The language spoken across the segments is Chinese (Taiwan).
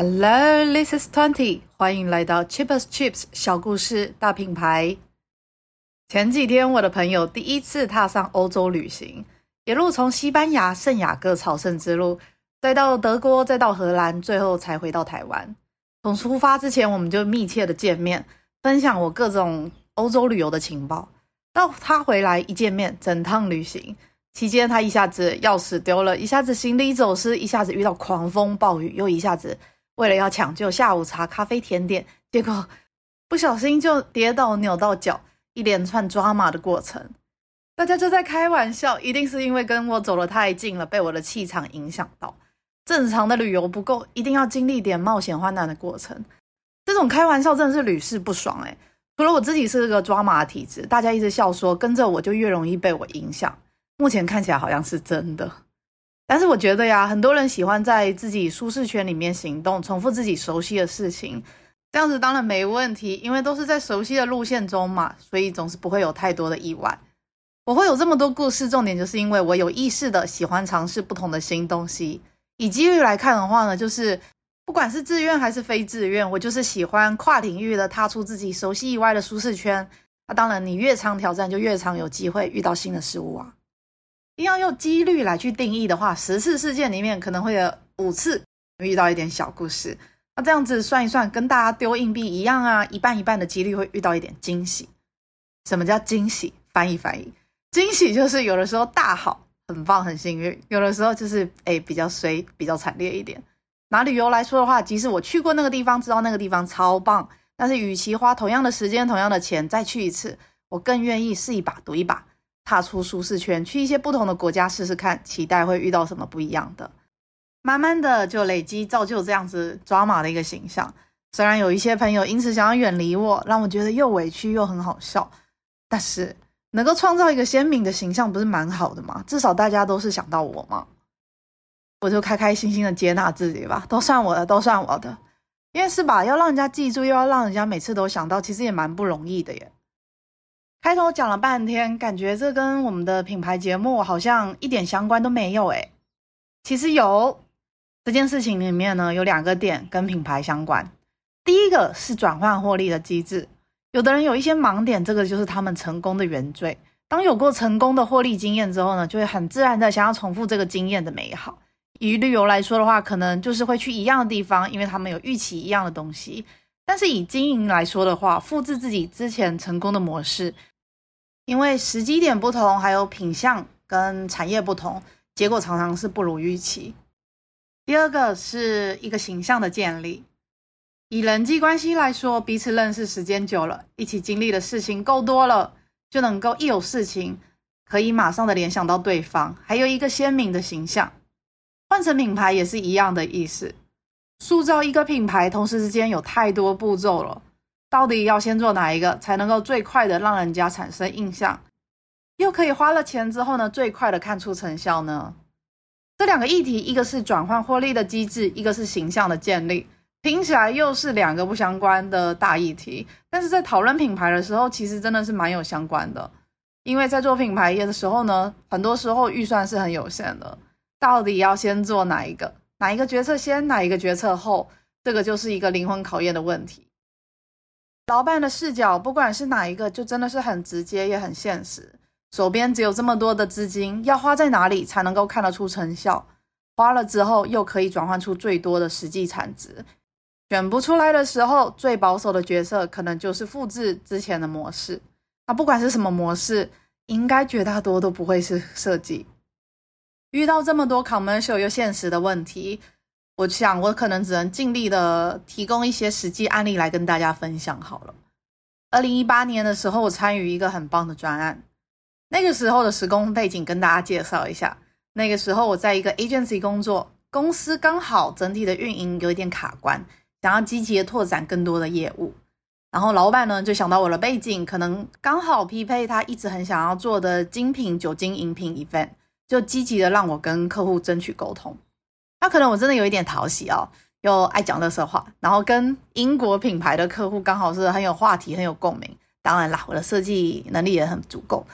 Hello, this is Twenty。歡迎來到 Cheap as Chips 小故事大品牌。前幾天我的朋友第一次踏上歐洲旅行，一路從西班牙聖雅各朝聖之路，再到德國，再到荷蘭，最後才回到台灣。從出發之前，我們就密切的見面，分享我各種歐洲旅遊的情報。到他回來一見面，整趟旅行期間，他一下子鑰匙丟了，一下子行李走失，一下子遇到狂風暴雨，又一下子。為了要搶救下午茶、咖啡、甜點，結果不小心就跌倒、扭到腳，一連串抓馬的過程，大家就在開玩笑，一定是因為跟我走得太近了，被我的氣場影響到。正常的旅遊不夠，一定要經歷點冒險、患難的過程。這種開玩笑真的是屢試不爽誒、欸！除了我自己是個抓馬的體質，大家一直笑說跟着我就越容易被我影響，目前看起來好像是真的。但是我覺得呀，很多人喜歡在自己舒適圈裡面行動，重複自己熟悉的事情，這樣子當然沒問題，因為都是在熟悉的路線中嘛，所以總是不會有太多的意外。我會有這麼多故事，重點就是因為我有意識的喜歡嘗試不同的新東西。以機遇來看的話呢，就是不管是自願還是非自願，我就是喜歡跨領域的踏出自己熟悉以外的舒適圈。那、啊、當然，你越常挑戰，就越常有機會遇到新的事物啊。一定要用幾率來去定義的話，十次事件裡面可能會有五次遇到一點小故事。那這樣子算一算，跟大家丟硬幣一樣啊，一半一半的幾率會遇到一點驚喜。什麼叫驚喜？翻譯翻譯，驚喜就是有的時候大好，很棒，很幸運；有的時候就是誒，比較衰，比較慘烈一點。拿旅遊來說的話，即使我去過那個地方，知道那個地方超棒，但是與其花同樣的時間、同樣的錢再去一次，我更願意試一把，賭一把。踏出舒適圈，去一些不同的國家試試看，期待會遇到什麼不一樣的。慢慢的就累積造就這樣子抓馬的一個形象。雖然有一些朋友因此想要遠離我，讓我覺得又委屈又很好笑，但是能夠創造一個鮮明的形象，不是蠻好的嗎？至少大家都是想到我嘛。我就開開心心的接納自己吧，都算我的，都算我的。因為是吧，要讓人家記住，又要讓人家每次都想到，其實也蠻不容易的耶。開頭講了半天，感覺這跟我們的品牌節目好像一點相關都沒有誒。其實有，這件事情裡面呢有兩個點跟品牌相關。第一個是轉換獲利的機制，有的人有一些盲點，這個就是他們成功的原罪。當有過成功的獲利經驗之後呢，就會很自然的想要重複這個經驗的美好。以旅遊來說的話，可能就是會去一樣的地方，因為他們有預期一樣的東西。但是以經營來說的話，複製自己之前成功的模式，因為時機點不同，還有品項跟產業不同，結果常常是不如預期。第二個是一個形象的建立，以人際關係來說，彼此認識時間久了，一起經歷的事情夠多了，就能夠一有事情可以馬上的聯想到對方，還有一個鮮明的形象。換成品牌也是一樣的意思。塑造一個品牌，同時之間有太多步驟了，到底要先做哪一個才能夠最快的讓人家產生印象，又可以花了錢之後呢，最快的看出成效呢？這兩個議題，一個是轉換獲利的機制，一個是形象的建立，聽起來又是兩個不相關的大議題，但是在討論品牌的時候，其實真的是蠻有相關的，因為在做品牌業的時候呢，很多時候預算是很有限的，到底要先做哪一個？哪一個決策先，哪一個決策後，這個就是一個靈魂考驗的問題。老闆的視角，不管是哪一個，就真的是很直接也很現實。手邊只有這麼多的資金，要花在哪裡才能夠看得出成效？花了之後又可以轉換出最多的實際產值？選不出來的時候，最保守的角色可能就是複製之前的模式。那不管是什麼模式，應該絕大多數都不會是設計。遇到這麼多 commercial 又現實的問題，我想我可能只能盡力的提供一些實際案例來跟大家分享好了。二零一八年的時候，我參與一個很棒的專案。那個時候的時空背景跟大家介紹一下，那個時候我在一個 agency 工作，公司剛好整體的運營有一點卡關，想要積極的拓展更多的業務。然後老板呢就想到我的背景，可能剛好匹配他一直很想要做的精品酒精飲品 event。就積極的讓我跟客戶爭取溝通，那可能我真的有一點討喜哦，又愛講垃圾話，然後跟英國品牌的客戶剛好是很有話題、很有共鳴。當然啦，我的設計能力也很足夠。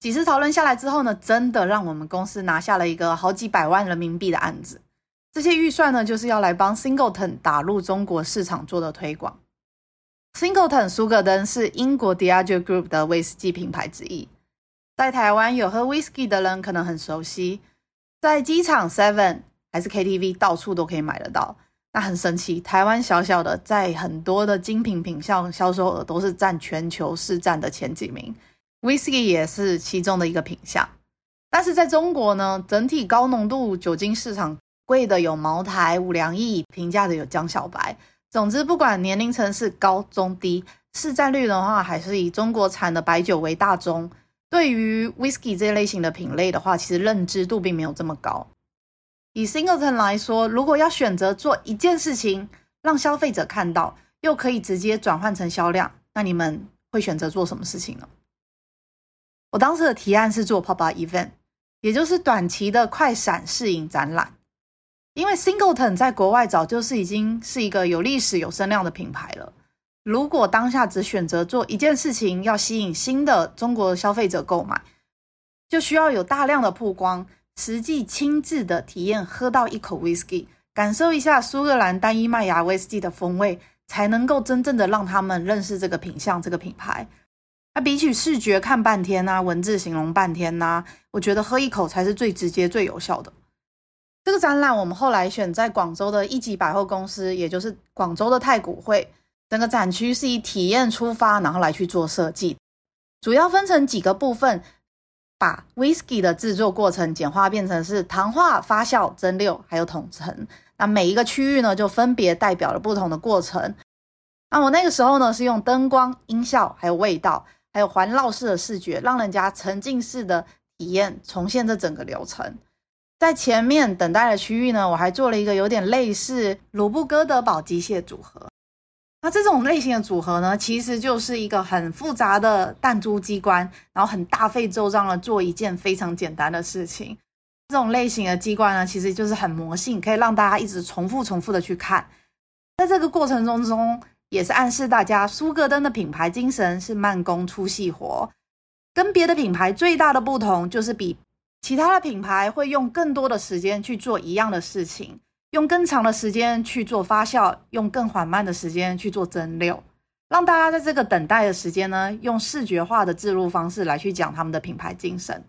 幾次討論下來之後呢，真的讓我們公司拿下了一個好幾百萬人民幣的案子。這些預算呢，就是要來幫 Singleton 打入中國市場做的推廣。Singleton 蘇格登是英國 Diageo Group 的威士忌品牌之一。在台灣有喝威士忌的人可能很熟悉，在機場 Seven 還是 KTV 到處都可以買得到，那很神奇。台灣小小的，在很多的精品品項銷售額都是佔全球市佔的前幾名，威士忌也是其中的一個品項。但是在中國呢，整體高濃度酒精市場，貴的有茅台、五糧液，平價的有江小白。總之，不管年齡層是高、中、低，市佔率的話，還是以中國產的白酒為大宗。對於 whisky 這類型的品類的話，其實認知度並沒有這麼高。以 Singleton 來說，如果要選擇做一件事情，讓消費者看到，又可以直接轉換成銷量，那你們會選擇做什麼事情呢？我當時的提案是做 Pop-up Event，也就是短期的快閃試飲展覽，因為 Singleton 在國外早就是已經是一個有歷史、有聲量的品牌了。如果當下只選擇做一件事情，要吸引新的中國消費者購買，就需要有大量的曝光，實際親自的體驗，喝到一口威士忌，感受一下蘇格蘭單一麥芽威士忌的風味，才能夠真正的讓他們認識這個品項、這個品牌。那、啊、比起視覺看半天吶、啊，文字形容半天吶、啊，我覺得喝一口才是最直接、最有效的。這個展覽我們後來選在廣州的一級百貨公司，也就是廣州的太古匯。整個展區是以體驗出發，然後來去做設計，主要分成幾個部分，把 whisky 的製作過程簡化變成是糖化、發酵、蒸餾，還有桶陳。那每一個區域呢，就分別代表了不同的過程。那我那個時候呢，是用燈光、音效，還有味道，還有環繞式的視覺，讓人家沉浸式的體驗重現這整個流程。在前面等待的區域呢，我還做了一個有點類似魯布戈德堡機械組合。那、啊、這種類型的組合呢，其實就是一個很複雜的彈珠機關，然後很大費周章的做一件非常簡單的事情。這種類型的機關呢，其實就是很魔性，可以讓大家一直重複重複的去看。在這個過程中中，也是暗示大家，蘇格登的品牌精神是慢工出細活，跟別的品牌最大的不同就是比其他的品牌會用更多的時間去做一樣的事情。用更長的時間去做發酵，用更緩慢的時間去做蒸餾，讓大家在這個等待的時間呢，用視覺化的置入方式來去講他們的品牌精神。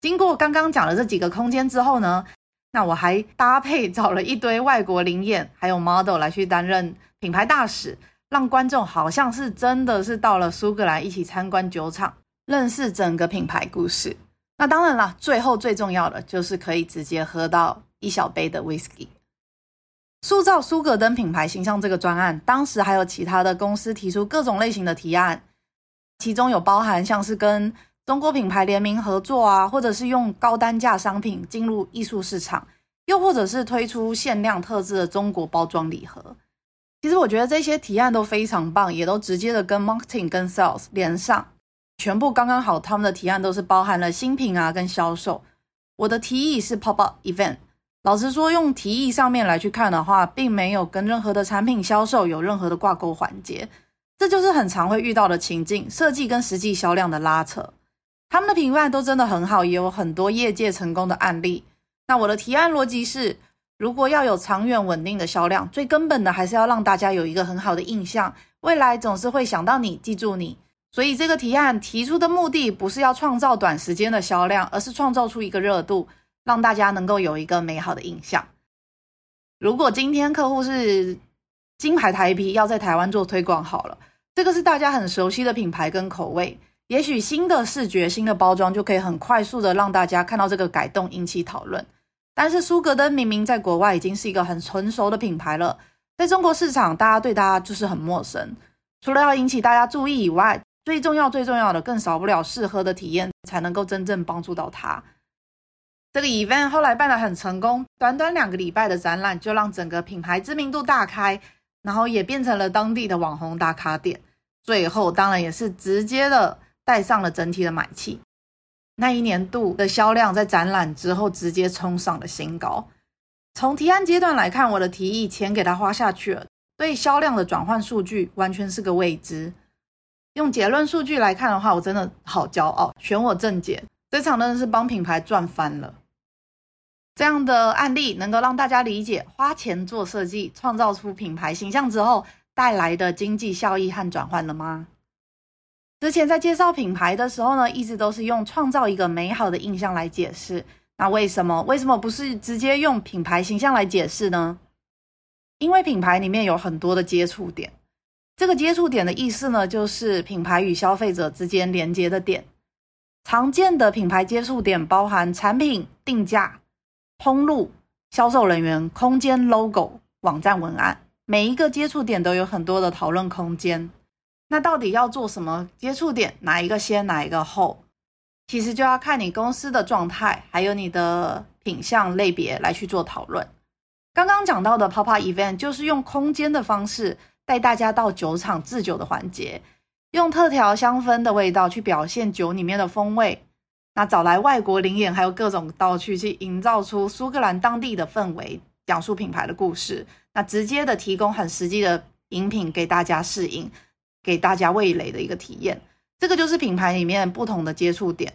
經過剛剛講的這幾個空間之後呢，那我還搭配找了一堆外國名演還有 model 來去擔任品牌大使，讓觀眾好像是真的是到了蘇格蘭一起參觀酒廠，認識整個品牌故事。那當然啦，最後最重要的就是可以直接喝到。一小杯的 whisky，塑造蘇格登品牌形象這個專案，當時還有其他的公司提出各種類型的提案，其中有包含像是跟中國品牌聯名合作啊，或者是用高單價商品進入藝術市場，又或者是推出限量特製的中國包裝禮盒。其實我覺得這些提案都非常棒，也都直接的跟 marketing 跟 sales 連上，全部剛剛好。他們的提案都是包含了新品啊跟銷售。我的提議是 pop-up event。老實說，用提議上面來去看的話，並沒有跟任何的產品銷售有任何的掛鈎環節。這就是很常會遇到的情境，設計跟實際銷量的拉扯。他們的品牌都真的很好，也有很多業界成功的案例。那我的提案邏輯是，如果要有長遠穩定的銷量，最根本的還是要讓大家有一個很好的印象，未來總是會想到你，記住你。所以這個提案提出的目的，不是要創造短時間的銷量，而是創造出一個熱度。讓大家能夠有一個美好的印象。如果今天客戶是金牌台啤要在台灣做推廣，好了，這個是大家很熟悉的品牌跟口味，也許新的視覺、新的包裝就可以很快速的讓大家看到這個改動，引起討論。但是蘇格登明明在國外已經是一個很成熟的品牌了，在中國市場大家對它就是很陌生。除了要引起大家注意以外，最重要、最重要的更少不了試喝的體驗，才能夠真正幫助到它。這個 event 後來辦得很成功，短短兩個禮拜的展覽就讓整個品牌知名度大開，然後也變成了當地的網紅打卡點。最後當然也是直接的帶上了整體的買氣，那一年度的銷量在展覽之後直接衝上了新高。從提案階段來看，我的提議錢給他花下去了，對銷量的轉換數據完全是個未知。用結論數據來看的話，我真的好驕傲，選我正解。這場呢是幫品牌賺翻了！這樣的案例能夠讓大家理解花錢做設計，創造出品牌形象之後帶來的經濟效益和轉換了嗎？之前在介紹品牌的時候呢，一直都是用創造一個美好的印象來解釋。那為什麼為什麼不是直接用品牌形象來解釋呢？因為品牌裡面有很多的接觸點，這個接觸點的意思呢，就是品牌與消費者之間連接的點。常見的品牌接觸點包含產品、定價、通路、銷售人員、空間、logo、網站文案，每一個接觸點都有很多的討論空間。那到底要做什麼接觸點，哪一個先，哪一個後，其實就要看你公司的狀態，還有你的品項類別來去做討論。剛剛講到的泡泡 event 就是用空間的方式帶大家到酒廠制酒的環節。用特調香氛的味道去表現酒裡面的風味，那找來外國臨演，還有各種道具去營造出蘇格蘭當地的氛圍，講述品牌的故事。那直接的提供很實際的飲品給大家試飲。給大家味蕾的一個體驗。這個就是品牌裡面不同的接觸點。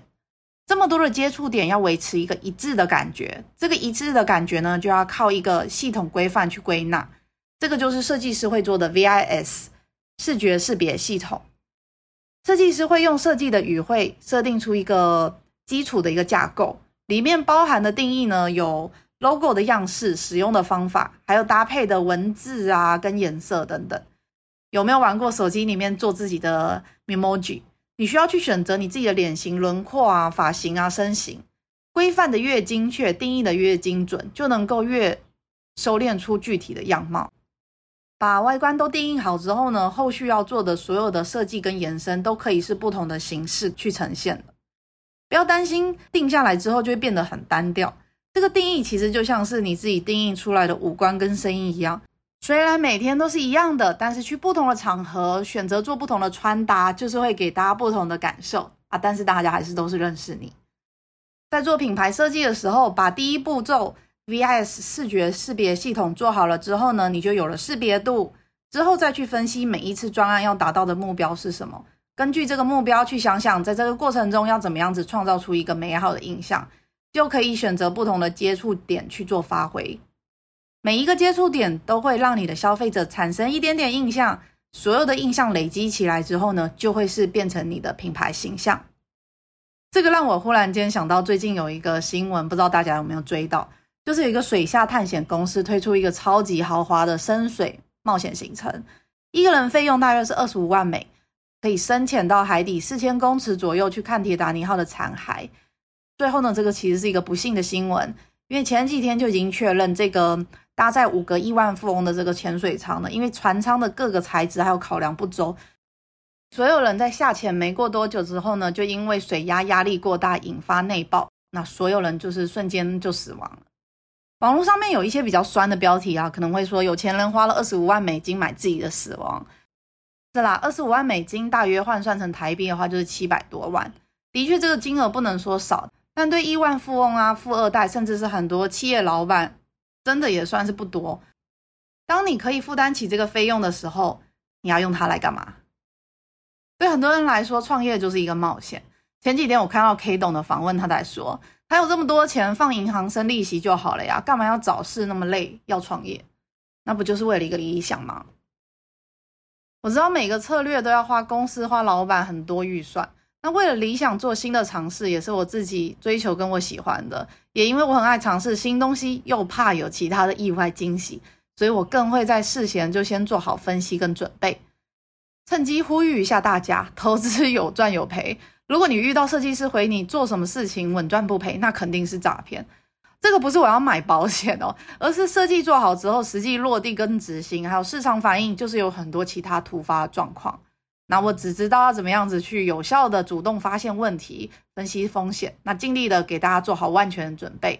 這麼多的接觸點要維持一個一致的感覺，這個一致的感覺呢，就要靠一個系統規範去歸納。這個就是設計師會做的 VIS 視覺識別系統。設計師會用設計的語彙設定出一個基礎的一個架構，裡面包含的定義呢，有 logo 的樣式、使用的方法，還有搭配的文字啊、跟顏色等等。有沒有玩過手機裡面做自己的 memoji？你需要去選擇你自己的臉型輪廓啊、髮型啊、身形，規範的越精確，定義的越精準，就能夠越收斂出具體的樣貌。把外觀都定義好之後呢，後續要做的所有的設計跟延伸都可以是不同的形式去呈現的。不要擔心定下來之後就會變得很單調。這個定義其實就像是你自己定義出來的五官跟聲音一樣，雖然每天都是一樣的，但是去不同的場合選擇做不同的穿搭，就是會給大家不同的感受啊。但是大家還是都是認識你。在做品牌設計的時候，把第一步驟。VIS 視覺識別系統做好了之後呢，你就有了識別度。之後再去分析每一次專案要達到的目標是什麼，根據這個目標去想想，在這個過程中要怎麼樣子創造出一個美好的印象，就可以選擇不同的接觸點去做發揮。每一個接觸點都會讓你的消費者產生一點點印象，所有的印象累積起來之後呢，就會是變成你的品牌形象。這個讓我忽然間想到，最近有一個新聞，不知道大家有沒有追到？就是有一個水下探險公司推出一個超級豪華的深水冒險行程，一個人費用大約是二十五萬美，可以深潛到海底四千公尺左右去看鐵達尼號的殘骸。最後呢，這個其實是一個不幸的新聞，因為前幾天就已經確認，這個搭載五個億萬富翁的這個潛水艙了，因為船艙的各個材質還有考量不周，所有人在下潛沒過多久之後呢，就因為水壓壓力過大引發內爆，那所有人就是瞬間就死亡了。網絡上面有一些比較酸的標題啊，可能會說有錢人花了二十五萬美金買自己的死亡。是啦，二十五萬美金大約換算成台幣的話就是七百多萬，的確這個金額不能說少，但對億萬富翁啊、富二代，甚至是很多企業老闆，真的也算是不多。當你可以負擔起這個費用的時候，你要用它來幹嘛？對很多人來說，創業就是一個冒險。前幾天我看到 K 董的訪問，他在說。還有這麼多錢放銀行生利息就好了呀，幹嘛要找事？那麼累，要創業，那不就是為了一個理想嗎？我知道每個策略都要花公司花老板很多預算，那為了理想做新的嘗試，也是我自己追求跟我喜歡的。也因為我很愛嘗試新東西，又怕有其他的意外驚喜，所以我更會在事前就先做好分析跟準備。趁機呼籲一下大家，投資有賺有賠。如果你遇到設計師回你，做什麼事情穩賺不賠，那肯定是詐騙。這個不是我要買保險哦，而是設計做好之後，實際落地跟執行，還有市場反應，就是有很多其他突發狀況。那我只知道要怎麼樣子去有效的主動發現問題，分析風險，那盡力的給大家做好萬全的準備，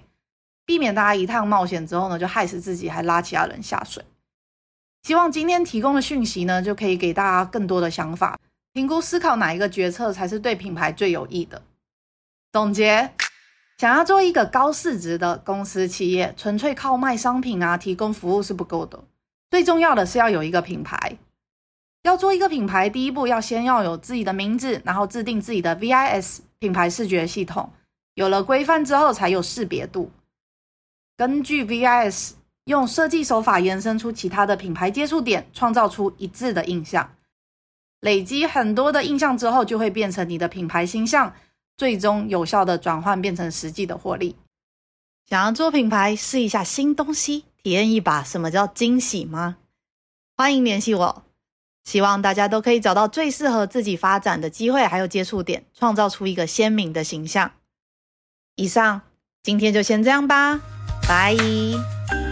避免大家一趟冒險之後呢，就害死自己，還拉其他人下水。希望今天提供的訊息呢，就可以給大家更多的想法。評估思考哪一個決策才是對品牌最有益的。總結：想要做一個高市值的公司企業，純粹靠賣商品啊、提供服務是不夠的。最重要的是要有一個品牌。要做一個品牌，第一步要先要有自己的名字，然後制定自己的 VIS 品牌視覺系統。有了規範之後，才有識別度。根據 VIS，用設計手法延伸出其他的品牌接觸點，創造出一致的印象。累積很多的印象之後，就會變成你的品牌形象，最終有效的轉換變成實際的獲利。想要做品牌，試一下新東西，體驗一把什麼叫驚喜嗎？歡迎聯繫我，希望大家都可以找到最適合自己發展的機會，還有接觸點，創造出一個鮮明的形象。以上，今天就先這樣吧，拜。